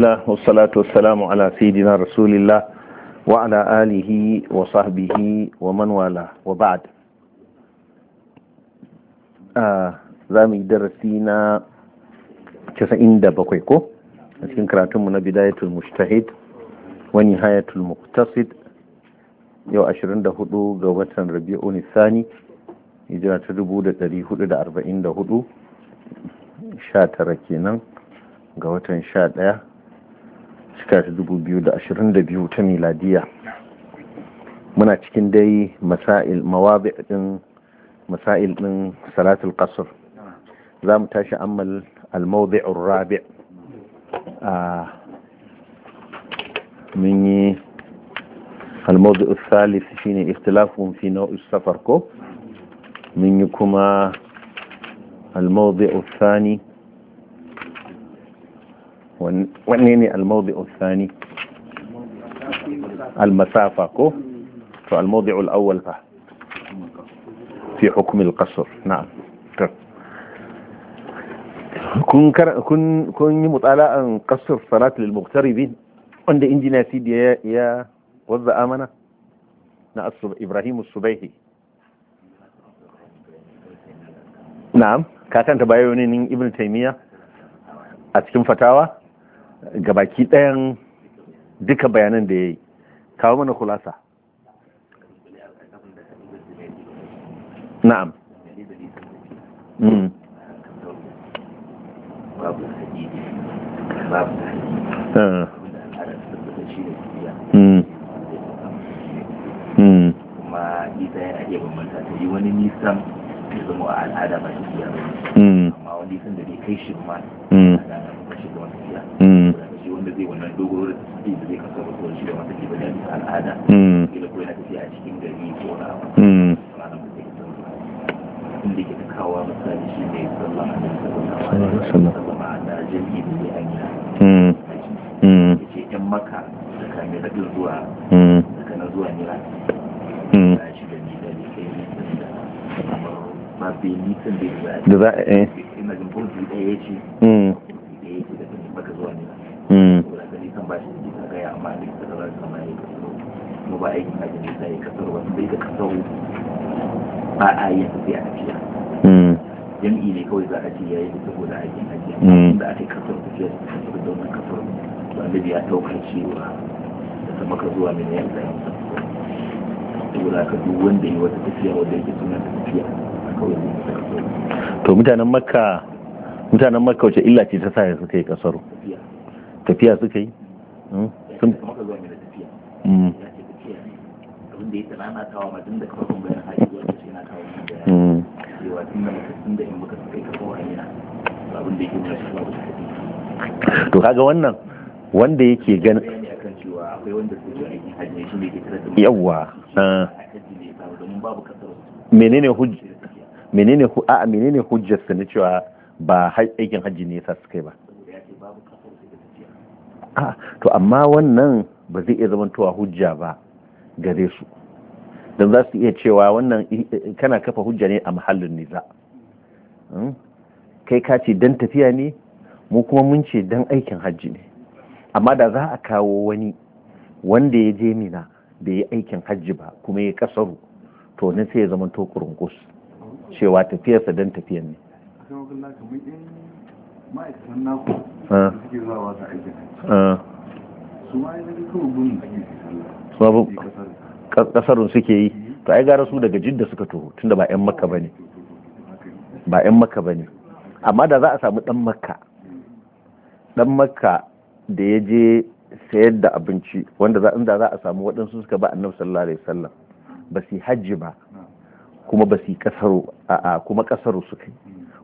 الله والصلاة والسلام على سيدنا رسول الله وعلى آله وصحبه ومن والاه وبعد زامي درسينا تسعين دبقيكو لكن كراتم من بداية المجتهد ونهاية المقتصد يو أشرين دهدو قوة ربيع الثاني إجراء تدبو ده تري هدو ده أربعين ده دهدو شاتركينا ga watan sha ɗaya shekara ta 2022 ta miladiya muna cikin dai masail mawabi din masail din salatul qasr za mu tashi ammal al-mawdi'ur rabi' a mun yi al-mawdi'ur salis shine ikhtilafun fi naw'is safar ko mun yi kuma al-mawdi'ur thani وانيني الموضع الثاني المسافة كو فالموضع الاول في حكم القصر نعم طيب. كن كن كن مطالعا قصر صلاة للمغتربين عند انجنا سيدي يا, يا وضع آمنة نعصر ابراهيم الصبيحي نعم كاتن تبايوني ابن تيمية أتكلم فتاوى gabaki ɗayan duka bayanan da ya yi kawo mana kulasa na'am hmm. hmm. Hmm. kuma ita ya iya bambanta ta yi wani nisan ya zama al'ada ba shi wani sun da bai kai shi ma mm. mm. wanda zai wannan dogoro da da zai kasar da kowace da wata al'ada mm. yana tafiya a cikin gari ko na inda ke kawo misali shi ne a a na jami'i da zai an yi yan maka da kame na ɗin zuwa zuwa nira da shi da ni da kai da za a yi eh. ya hmm. hmm. ba ne a yi a hmm. ne kawai za a ce ya yi saboda aikin da aka yi kasar da kasar taukar cewa da sama ka zuwa mai da saboda ka duk wanda wata tafiya wanda yake suna tafiya a kawai zai to mutanen makka mutanen makka wace illa ce ta sa suka yi kasaro tafiya suka yi hmm? sun hmm. Hmm. to kaga wannan wanda yake gan yawa menene hujjar menene hujjar na cewa ba aikin hajji ne yasa suka yi ba to amma wannan ba zai iya zamantowa hujja ba gare su don za su iya cewa wannan kana kafa hujja ne a muhallin niza hmm? kai ka ce don tafiya ne mu kuma mun ce don aikin hajji ne amma da za a kawo wani wanda ya je mina da yi aikin hajji ba kuma ya kasaru to ne sai ya zama kurunkus cewa tafiyarsa don tafiyan ne kama ah. ah. su yi kasarun suke yi hmm. to ai gara su daga jidda suka toho tunda ba 'yan makka bane ba 'yan makka bane amma da za a samu dan makka dan makka da ya je sayar da abinci wanda inda za a samu waɗansu suka ba annabi sallallahu alaihi wasallam ba su hajji ba hmm. kuma ba su kasaro a kuma kasaro suka yi hmm.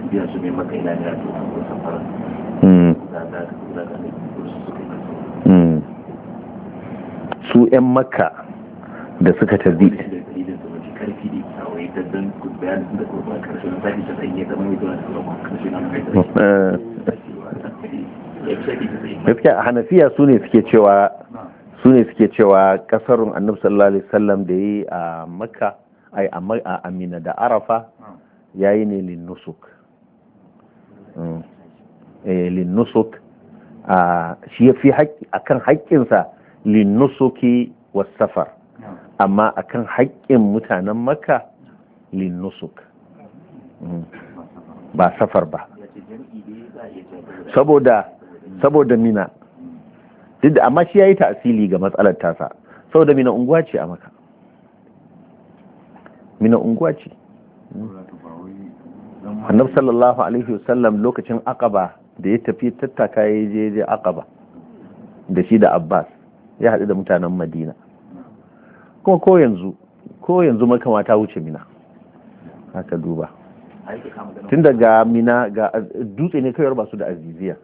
tafiya su mai maka ina ina tuwa hmm. su 'yan hmm. makka da suka tarbi eh. gaskiya a hanafiya su ne suke cewa su ne suke cewa annab sallallahu alaihi wasallam da yi a makka ai a amina da arafa yayi ne lin nusuk Eh, linnusuk shi fi akan haƙƙinsa linnusuki safar. amma akan haƙƙin mutanen makka linnusuk mm. ba safar ba saboda saboda mina duk da amma shi ya yi tasiri ga matsalar tasa saboda mina unguwa ce a maka mina unguwa ce mm. annabi sallallahu alaihi wasallam lokacin akaba da ya tafi tattaka ya je je akaba da shi da abbas ya haɗu da mutanen madina kuma ko yanzu ko yanzu makama ta wuce mina haka duba tun daga mina ga dutse ne kawai ba su da aziziya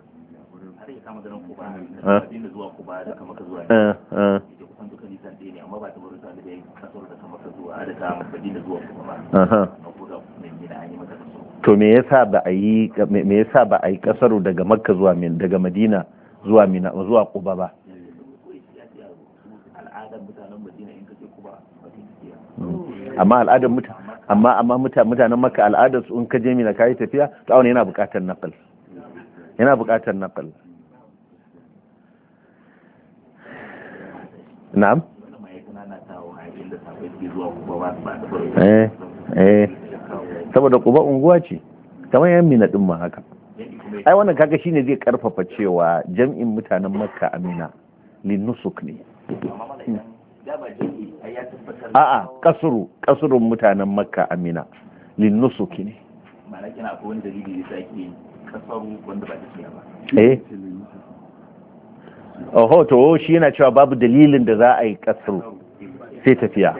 Uh-huh. to me yasa ba a yi me yasa ba a yi kasaru daga makka zuwa min daga madina zuwa mina zuwa kuba ba amma al'adar mutane amma amma mutanen makka al'adar su in ka je mina kai tafiya to auna yana buƙatar naqal yana buƙatar naqal na'am eh eh saboda kuba unguwa ce kamar yan mina din ma haka ai wannan kaga shine zai karfafa cewa jam'in mutanen makka amina linusuk ne a'a kasuru kasurun mutanen makka amina linusuk ne ma'ana kina akwai wani dalili da kasaru wanda ba ta ba eh oho to shi yana cewa babu dalilin da za a yi kasuru sai tafiya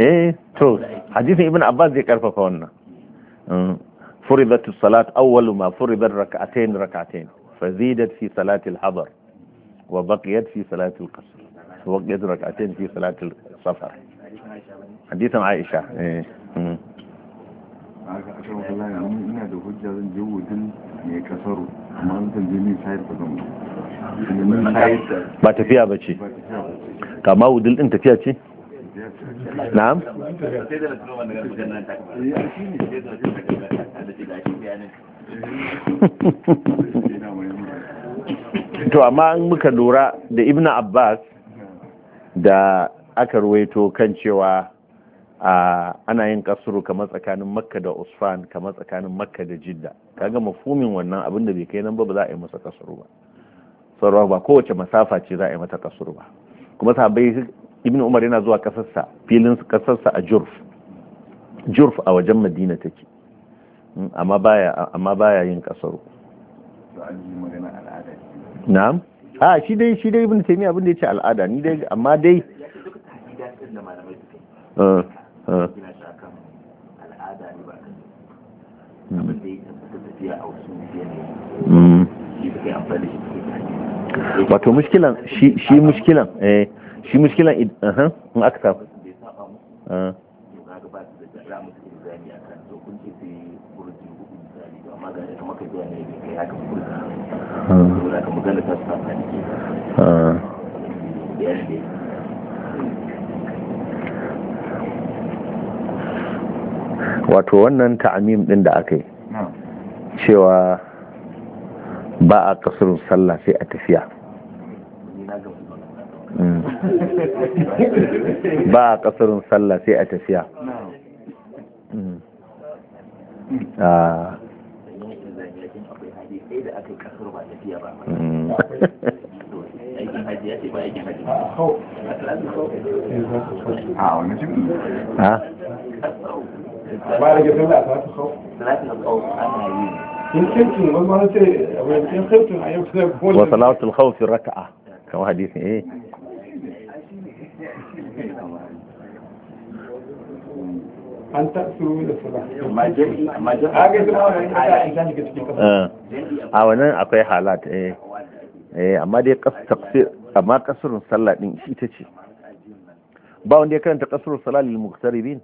ايه تو حديث ابن عباس ذكر فقونا فرضت الصلاة أول ما فرض ركعتين ركعتين فزيدت في صلاة الحضر وبقيت في صلاة القصر وبقيت ركعتين في صلاة السفر حديث عائشة ايه أشرف ba tafiya ba ce kama wudil din tafiya ce na'am eh, to amma an muka lura da ibn abbas da aka ruwaito kan cewa ana yin kasuru kamar tsakanin makka da usfan kamar tsakanin makka da jidda kaga mafumin wannan abin da bai kai nan ba ba za a yi masa kasuru ba sarwa ba kowace masafa ce za a yi mata kasuru ba kuma sahabbai ibn umar yana zuwa kasarsa filin kasarsa a jurf jurf a wajen madina take hmm, amma baya amma baya yin kasuru na'am a shi dai shi dai ibn taymiya abin da yace al'ada ni dai amma dai Eh. Mm. wato mushkilan shi mushkilan eh shi mushkilan in aka samu wato wannan ta'amim din da aka yi cewa ba a kasurin sallah sai a tafiya mm. ba a kasurin sallah sai a tafiya mm. ah. ah. mm. ah. a ga da khawf ana yi in wani ma sai abin a yau sai ko wa khawf raka'a kamar hadisin eh an da eh. a akwai halat eh, eh amma dai taqsir amma sallah din ita ce ba wanda ya karanta ƙasar salal lil muqtaribin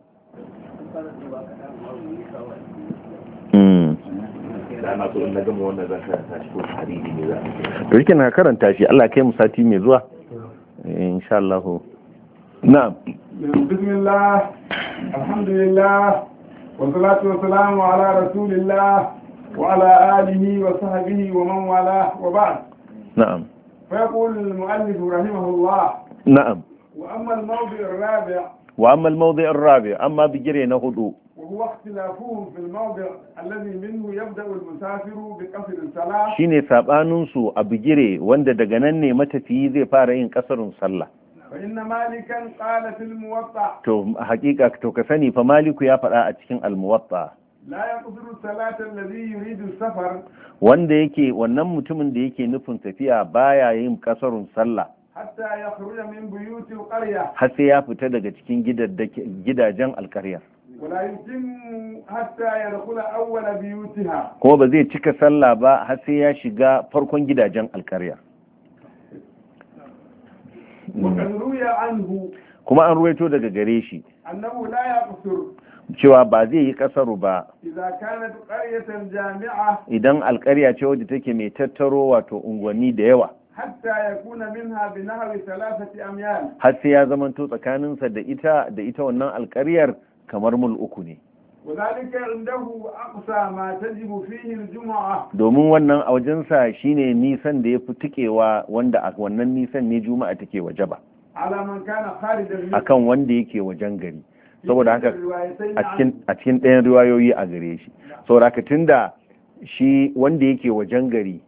dama to in na gama wannan zan karanta shi ko hadisi ne za to shi na karanta shi Allah kai mu sati mai zuwa eh, insha Allah na'am bismillah alhamdulillah wa salatu wa salamu ala rasulillah wa ala alihi wa sahbihi wa man wala wa ba'd na'am فيقول المؤلف رحمه الله نعم وأما الموضع الرابع وأما الموضع الرابع أما بجري نهدو وهو اختلافهم في a الذي منه يبدأ المسافر بقصر الصلاة شيني سابانون سو أبجري وند دغنن متفي زي فارين قصر الصلاة فإن مالكا قال a cikin الموطأ la yaqdiru wanda yake wannan mutumin da yake nufin tafiya baya yin ƙasarin sallah hatta yakhruja min buyuti har sai ya fita daga cikin gidajen alƙaryar. kuma ba zai cika sallah ba har sai ya shiga farkon gidajen alƙarya hmm. kuma an ruwaito daga gare shi cewa ba zai yi kasaru ba idan alkariya ce wadda take mai tattaro wato unguwanni da yawa har sai ya zamanto tsakaninsa da ita da ita wannan alkaryar kamar mul uku ne domin wannan a wajensa ne nisan da ya fi tikewa wanda a wannan nisan ne juma'a take waje ba akan wanda yake wajen gari saboda haka a cikin ɗayan riwayoyi a gare shi saboda haka da shi wanda yake wajen gari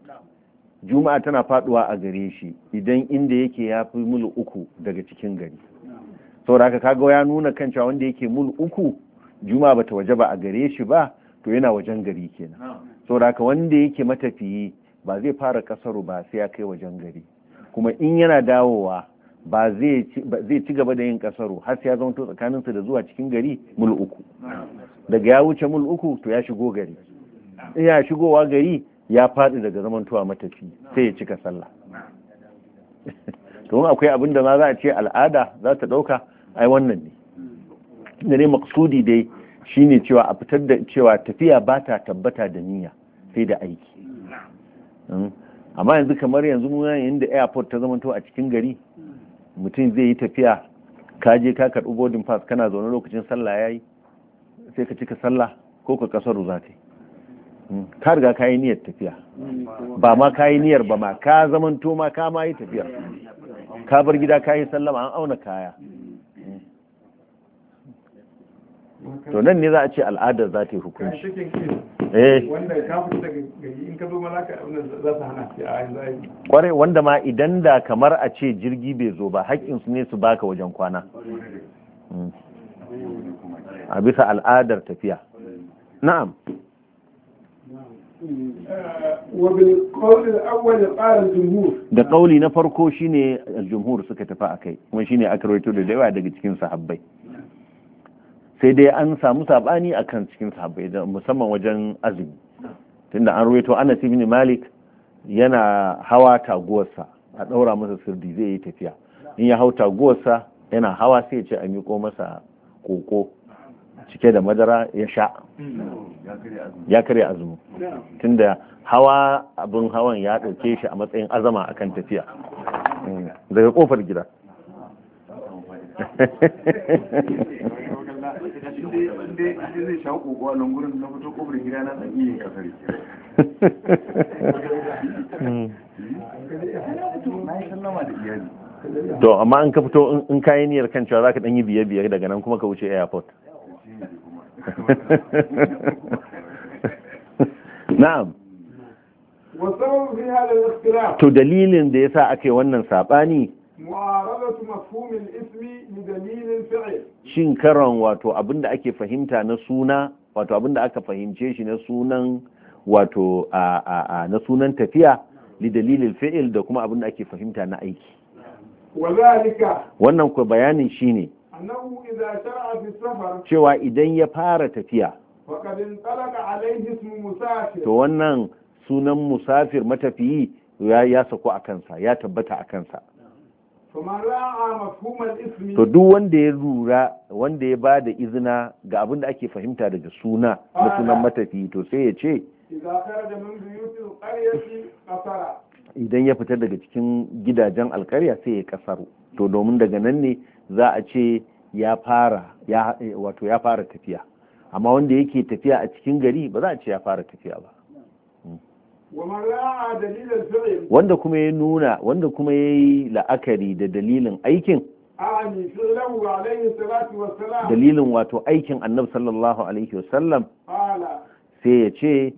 juma'a tana faduwa a gare shi idan inda yake ya fi mulu uku daga cikin gari sauraka kaga ya nuna kan cewa wanda yake mul uku juma bata waje ba a gare shi ba to yana wajen gari kenan sauraka wanda yake matafiyi ba zai fara kasaru ba sai ya kai wajen gari kuma in yana dawowa ba zai ci gaba da yin kasaro har sai ya zama tsakaninsa da zuwa cikin gari mul uku daga ya wuce mul uku to ya shigo gari in ya shigowa gari ya faɗi daga zamantuwa matafi sai ya cika sallah to akwai abin da ma za a ce al'ada za ta ɗauka ai wannan ne da ne maksudi dai shine cewa a fitar da cewa tafiya ba ta tabbata da niyya sai da aiki hmm? amma yanzu kamar yanzu muna da airport ta to a cikin gari mutum zai yi tafiya ka je ka karɓi boarding pass kana zaune lokacin sallah yayi sai ka cika sallah ko ka kasar za ta hmm? ka riga ka yi niyyar tafiya ba ma ka yi niyyar ba ma ka to ma ka ma yi tafiya ka bar gida ka yi sallama an auna kaya to nan ne za a ce al'adar za ta yi hukunci eh kware wanda ma idan da kamar a ce jirgi bai zo ba haƙƙin su ne su baka wajen kwana hmm. a bisa al'adar tafiya na'am da ƙauli na farko shine aljumhur suka tafi a kai kuma shine aka rawaito da yawa daga cikin sahabbai sai dai an samu sabani akan cikin sahabbai musamman wajen azumi tun da an ruwaito ana ibn Malik yana hawa taguwarsa a ɗaura masa sirdi zai yi tafiya in ya hau taguwarsa yana hawa sai ya ce a yi masa koko cike da madara ya sha ya karya azumi tunda hawa abin hawan ya ɗauke shi a matsayin azama akan tafiya daga kofar gida inda zai sha koko a lungurin na fito kofar gida na zan iya kasar to amma in ka fito in kayi niyar kan cewa zaka dan yi biye biye daga nan kuma ka wuce airport na'am to dalilin da ya yasa ake wannan saɓani. mu'arabatu mafhumil ismi li dalilin fi'l shin karan wato abinda ake fahimta na suna wato abinda aka fahimce shi na sunan wato a na sunan tafiya li dalilin fi'l da kuma abinda ake fahimta na aiki wannan ku bayanin shi shine cewa idan ya fara tafiya to wannan sunan musafir matafiyi ya sako a kansa ya tabbata a kansa to duk wanda ya lura wanda ya ba da izina ga abin da ake fahimta daga suna na sunan matafi to sai ya ce idan ya fita daga cikin gidajen alkarya sai ya kasaru to domin daga nan ne za a ce ya fara wato ya fara tafiya amma wanda yake tafiya a cikin gari ba za a ce ya fara tafiya ba wanda kuma ya nuna wanda kuma ya yi la'akari da dalilin aikin dalilin wato aikin annab sallallahu alaihi wasallam sai ya ce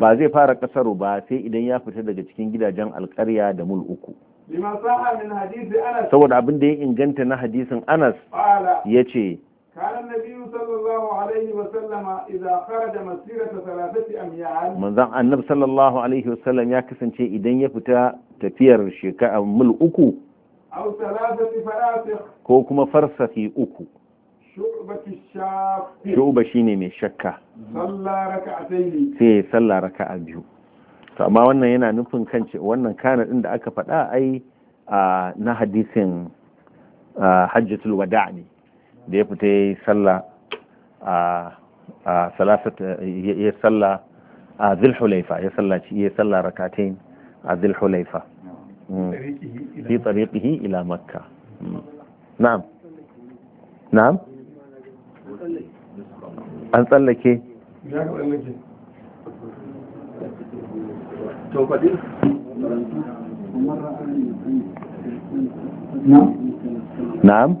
ba zai fara kasaro ba sai idan ya fita daga cikin gidajen alkarya da mul uku saboda abin da ya inganta na hadisin anas ya ce كان النبي صلى الله عليه وسلم إذا خرج مسيرة ثلاثة أميال من ذا النبي صلى الله عليه وسلم يكسن شيء إذن يفتا تفير شيكا مل أكو أو ثلاثة فراسخ كو كما فرسخي أكو شعبة الشاف شعبة شيني من شكا صلى ركعتين في صلى ركعة بيو amma wannan yana nufin kan wannan kana din da aka faɗa ai na hadisin hajjatul wada' ne da ya fita yayi sallah a a salasat ya sallah a zulhulaifa ya sallaci ya sallah rakatain a zilhulaifa mm. fi tariqihi ila makka mm. na'am na'am an tsallake na'am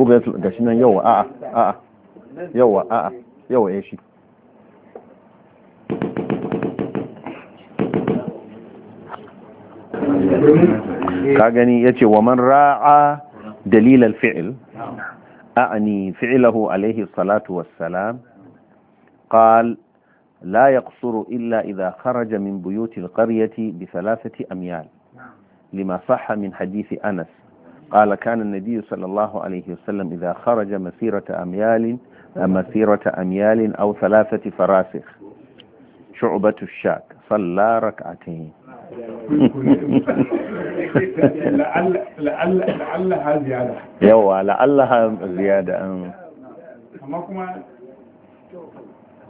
bugatul gashi nan yawa a'a a'a yawa a'a yawa eh shi ka gani yace wa man ra'a dalil al-fi'l a'ni fi'lahu alayhi salatu wassalam قال لا يقصر إلا إذا خرج من بيوت القرية بثلاثة أميال لما صح من حديث أنس قال كان النبي صلى الله عليه وسلم إذا خرج مسيرة أميال مسيرة أميال أو ثلاثة فراسخ شعبة الشاك صلى ركعتين لعل لعلها زيادة يوا لعلها زيادة أما كما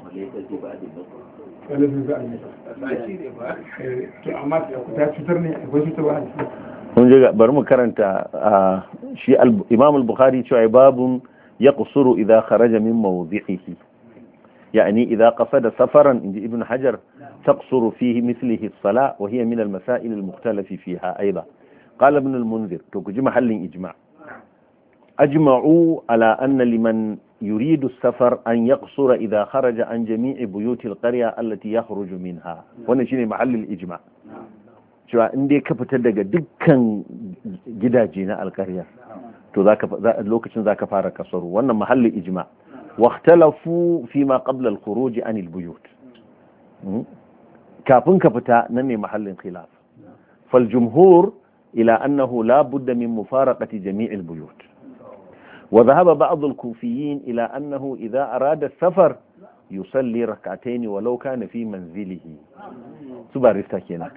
وليس بعد المطر. هنجر بر مكرنت شيء الإمام البخاري شو عباب يقصر إذا خرج من موضعه يعني إذا قصد سفرا عند ابن حجر تقصر فيه مثله الصلاة وهي من المسائل المختلف فيها أيضا قال ابن المنذر توكج محل إجماع أجمعوا على أن لمن يريد السفر أن يقصر إذا خرج عن جميع بيوت القرية التي يخرج منها ونشين محل الإجماع cewa in dai ka fitar daga dukkan gidaje na alkariya to lokacin za ka fara kasaru wannan mahallin ijma waxtalafu fi ma qabla al-khuruj an al-buyut hmm? kafin ka fita nan ne mahallin khilaf fal jumhur ila annahu la budda min mufaraqati jami' al-buyut wa dhahaba ba'd al-kufiyyin ila annahu idha arada safar يصلي ركعتين ولو كان في منزله سبارستا كينا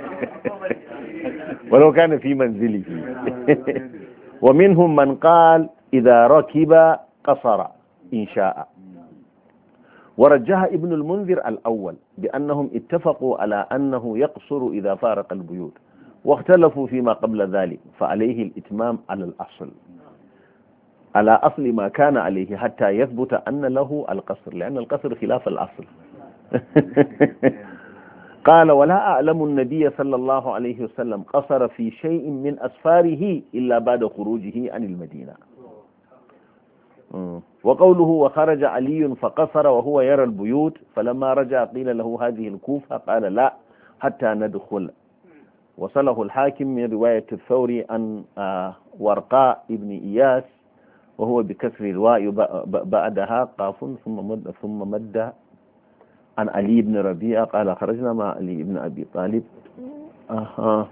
ولو كان في منزله ومنهم من قال إذا ركب قصر إن شاء ورجها ابن المنذر الأول بأنهم اتفقوا على أنه يقصر إذا فارق البيوت واختلفوا فيما قبل ذلك فعليه الإتمام على الأصل على أصل ما كان عليه حتى يثبت أن له القصر لأن القصر خلاف الأصل قال ولا أعلم النبي صلى الله عليه وسلم قصر في شيء من أسفاره إلا بعد خروجه عن المدينة وقوله وخرج علي فقصر وهو يرى البيوت فلما رجع قيل له هذه الكوفة قال لا حتى ندخل وصله الحاكم من رواية الثوري عن آه، ورقاء ابن إياس وهو بكسر الواء بعدها قاف ثم مد ثم مد عن علي بن ربيعة قال خرجنا مع علي بن أبي طالب أها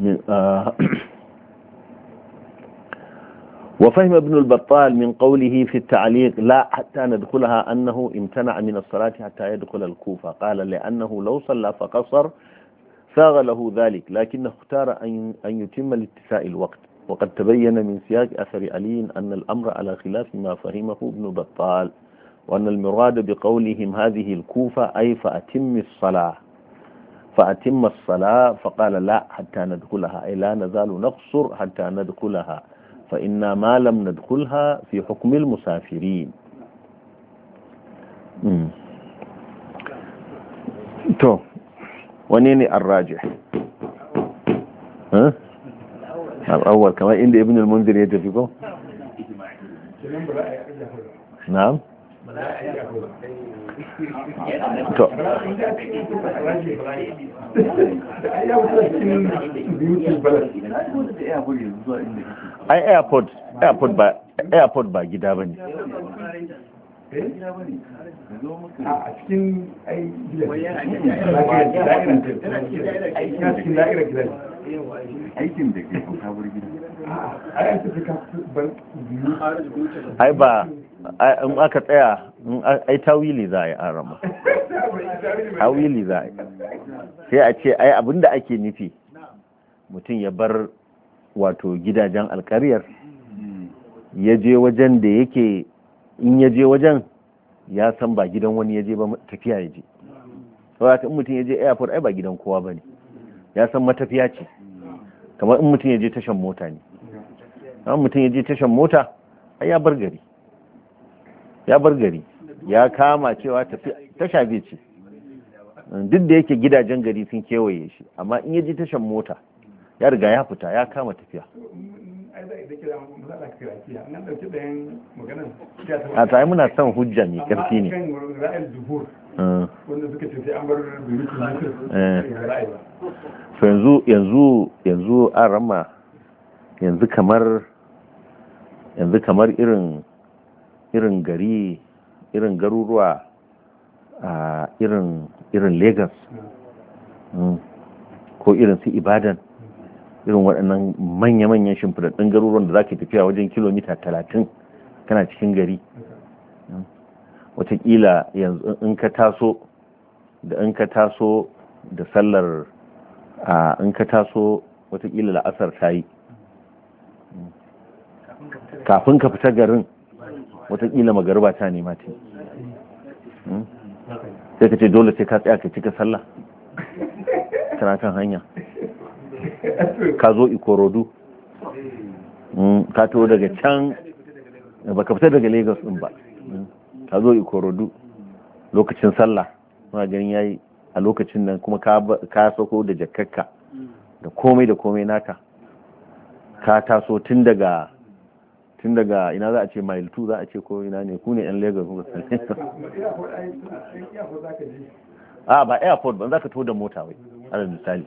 من آه وفهم ابن البطال من قوله في التعليق لا حتى ندخلها أنه امتنع من الصلاة حتى يدخل الكوفة قال لأنه لو صلى فقصر ساغ له ذلك لكنه اختار أن يتم لاتساء الوقت وقد تبين من سياق أثر علي أن الأمر على خلاف ما فهمه ابن بطال وأن المراد بقولهم هذه الكوفة أي فأتم الصلاة فأتم الصلاة فقال لا حتى ندخلها أي لا نزال نقصر حتى ندخلها فإن ما لم ندخلها في حكم المسافرين تو ونيني الراجح ها al'awwal kamar inda ibn al-munzir ya tafi ko na'am to ai airport airport ba airport ba gida bane a cikin ai gida aikin da ke kuka wuri gida ai ba in aka tsaya ai tawili za a yi arama tawili za a yi sai a ce ai abinda ake nufi mutum ya bar wato gidajen alkariyar ya je wajen da yake in ya je wajen ya san ba gidan wani ya je ba tafiya ya je saboda in mutum ya je airport ai ba gidan kowa ba ne ya san matafiya ce kamar in mutum ya je tashan mota ne kamar mutum ya je tashan mota ai ya bar gari ya bar gari ya kama cewa tasha bai ce duk da yake gidajen gari sun kewaye shi amma in ya je tashan mota ya riga ya fita ya kama tafiya a tsaye muna son hujja mai karfi ne ah. so eh. yanzu yanzu yanzu an rama yanzu kamar yanzu kamar irin irin gari irin garuruwa a irin irin lagos hmm. Hmm, ko irin su ibadan irin waɗannan manya-manyan shimfiɗaɗɗun garuruwan da za ka tafiya wajen kilomita talatin kana cikin gari watakila yanzu in ka taso da in ka taso da sallar in ka taso watakila la'asar ta yi kafin ka fita garin watakila magarba ta nema ta sai ka ce dole sai ka tsaya ka cika sallah tana kan hanya ka zo ikorodu hmm, ka to daga can ba ka fita daga lagos din ba hmm, ka zo ikorodu lokacin sallah muna ganin yayi a lokacin nan kuma ka sako da jakakka da komai da komai naka ka taso tun daga tun daga ina za a ce mile 2 za a ce ko ina ne ku ne yan lagos kuka sani a ah, ba airport ba za ka to da mota wai alal misali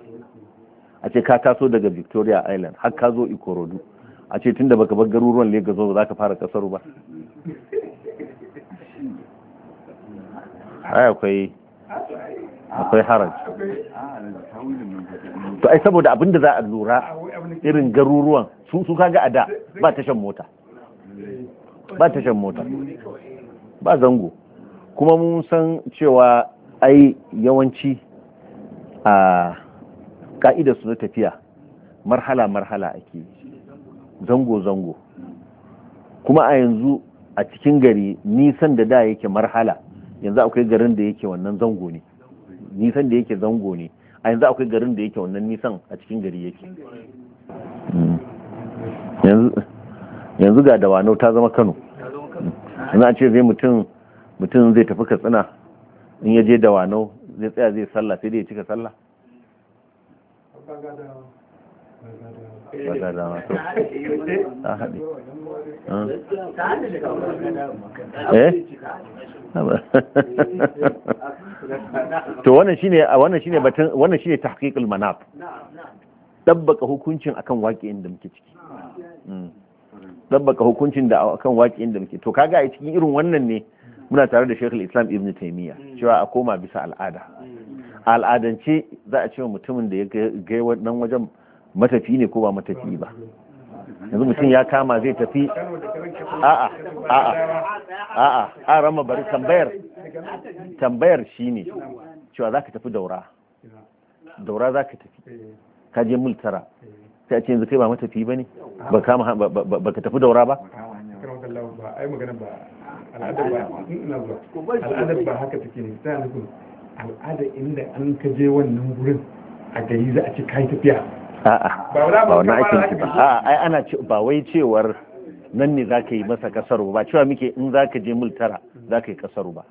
a ce ka taso daga victoria island har ka zo ikorodu a ce tunda baka bar garuruwan lagos ba za ka fara kasar ba ai akwai akwai haraj to ai saboda abin da za a lura irin garuruwan su su kaga a da ba tashan mota ba tashan mota ba zango kuma mun san cewa ai yawanci a ah, ka'idar su na tafiya marhala marhala ake zango zango kuma a yanzu a cikin gari nisan da da yake marhala yanzu akwai garin da yake wannan zango ne nisan da yake zango ne a yanzu akwai garin da yake wannan nisan a cikin gari yake yanzu ga Dawanau ta zama kano yanzu a ce zai mutum mutum zai tafi katsina in ya je dawano zai tsaya zai sallah sai dai ya cika sallah to ta haɗe to wannan shine wannan shine batun wannan shine tahqiqul manaf dabbaka hukuncin akan waƙi'in da muke ciki hmm. dabbaka hukuncin da akan waƙi'in da muke to kaga a cikin irin wannan ne muna tare da Sheikhul Islam Ibn Taymiyyah cewa a koma bisa al'ada al'adance za a ce wa mutumin da ya gai nan wajen matafi ne ko ba matafi ba yanzu mutum ya kama zai tafi a'a a'a a'a a rama bari tambayar tambayar shine cewa za ka tafi daura daura za ka tafi ka je mil tara sai a ce yanzu kai ba matafi ba ne ba kama ba ka tafi daura ba al'adar ba haka take ne al'ada inda an ka je wannan gurin a gari za a ce kai tafiya a'a ba wani aikin ki ba a'a ai ana ce ba wai cewar nan ne za ka yi masa kasar ba cewa muke in za ka je mil tara za ka yi kasar ba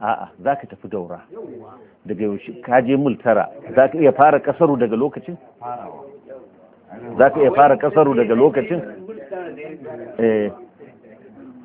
a'a za ka tafi daura daga yaushe ka je mil tara za ka iya fara kasar daga lokacin za ka iya fara kasar daga lokacin eh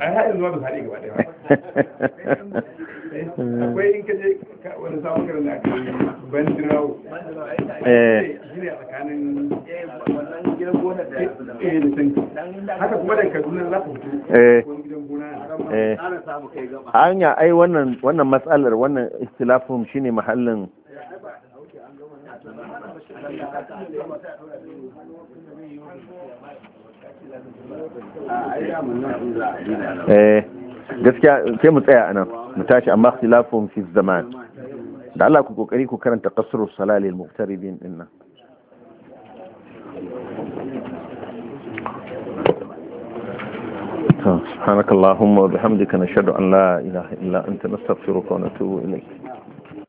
a haɗin zuwa da haɗe gaba ɗaya akwai in ka je wani samun karin da aka yi bandirawo eh. shi ne a tsakanin eh, eh. wannan gidan gona da ya da haka kuma da kaduna za ku fito hanya ai wannan wannan matsalar wannan ikhtilafin shine mahallin eh gaskiya sai mu tsaya anan mu tashi amma ikhtilafun fi zaman da Allah ku kokari ku karanta qasrus salalil muqtaribin dinnan سبحانك اللهم وبحمدك نشهد أن لا إله إلا أنت نستغفرك ونتوب إليك